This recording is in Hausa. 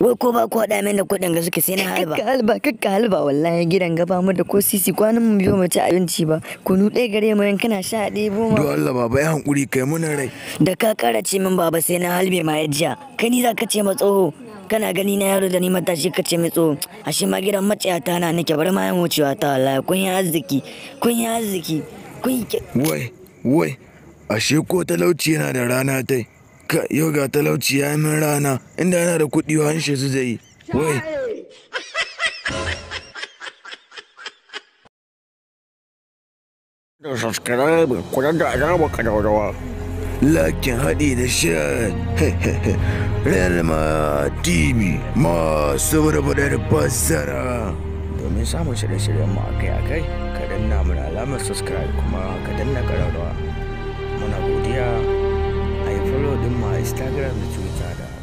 wai ko ba ku haɗa min da kuɗin ga suke sai na halba Ka halba kakka halba wallahi gidan gaba mu da ko sisi kwanan mu biyo mu ci abinci ba kunu ɗaya gare mu yan kana sha ɗaya goma don Allah baba ya hankuri kai muna rai da ka ƙara ce min baba sai na halbe ma ya jiya kai ni za ka ce ma tsoho kana gani na yaro da ni matashi ka ce tsoho ashe ma gidan maciyata na nake bar ma yan wucewa ta wallahi kun yi arziki kun yi arziki kun yi wai wai ashe ko talauci yana da rana tai ka yoga talauci ya yi min rana inda yana da kuɗi wa shi su zai yi da subscribe kuna da alama kadaurawa lakin haɗi da shi real ma tv masu rubutar fassara domin samun shirye-shiryen mu akai-akai ka danna mun alamar subscribe kuma ka danna kadaurawa to each other.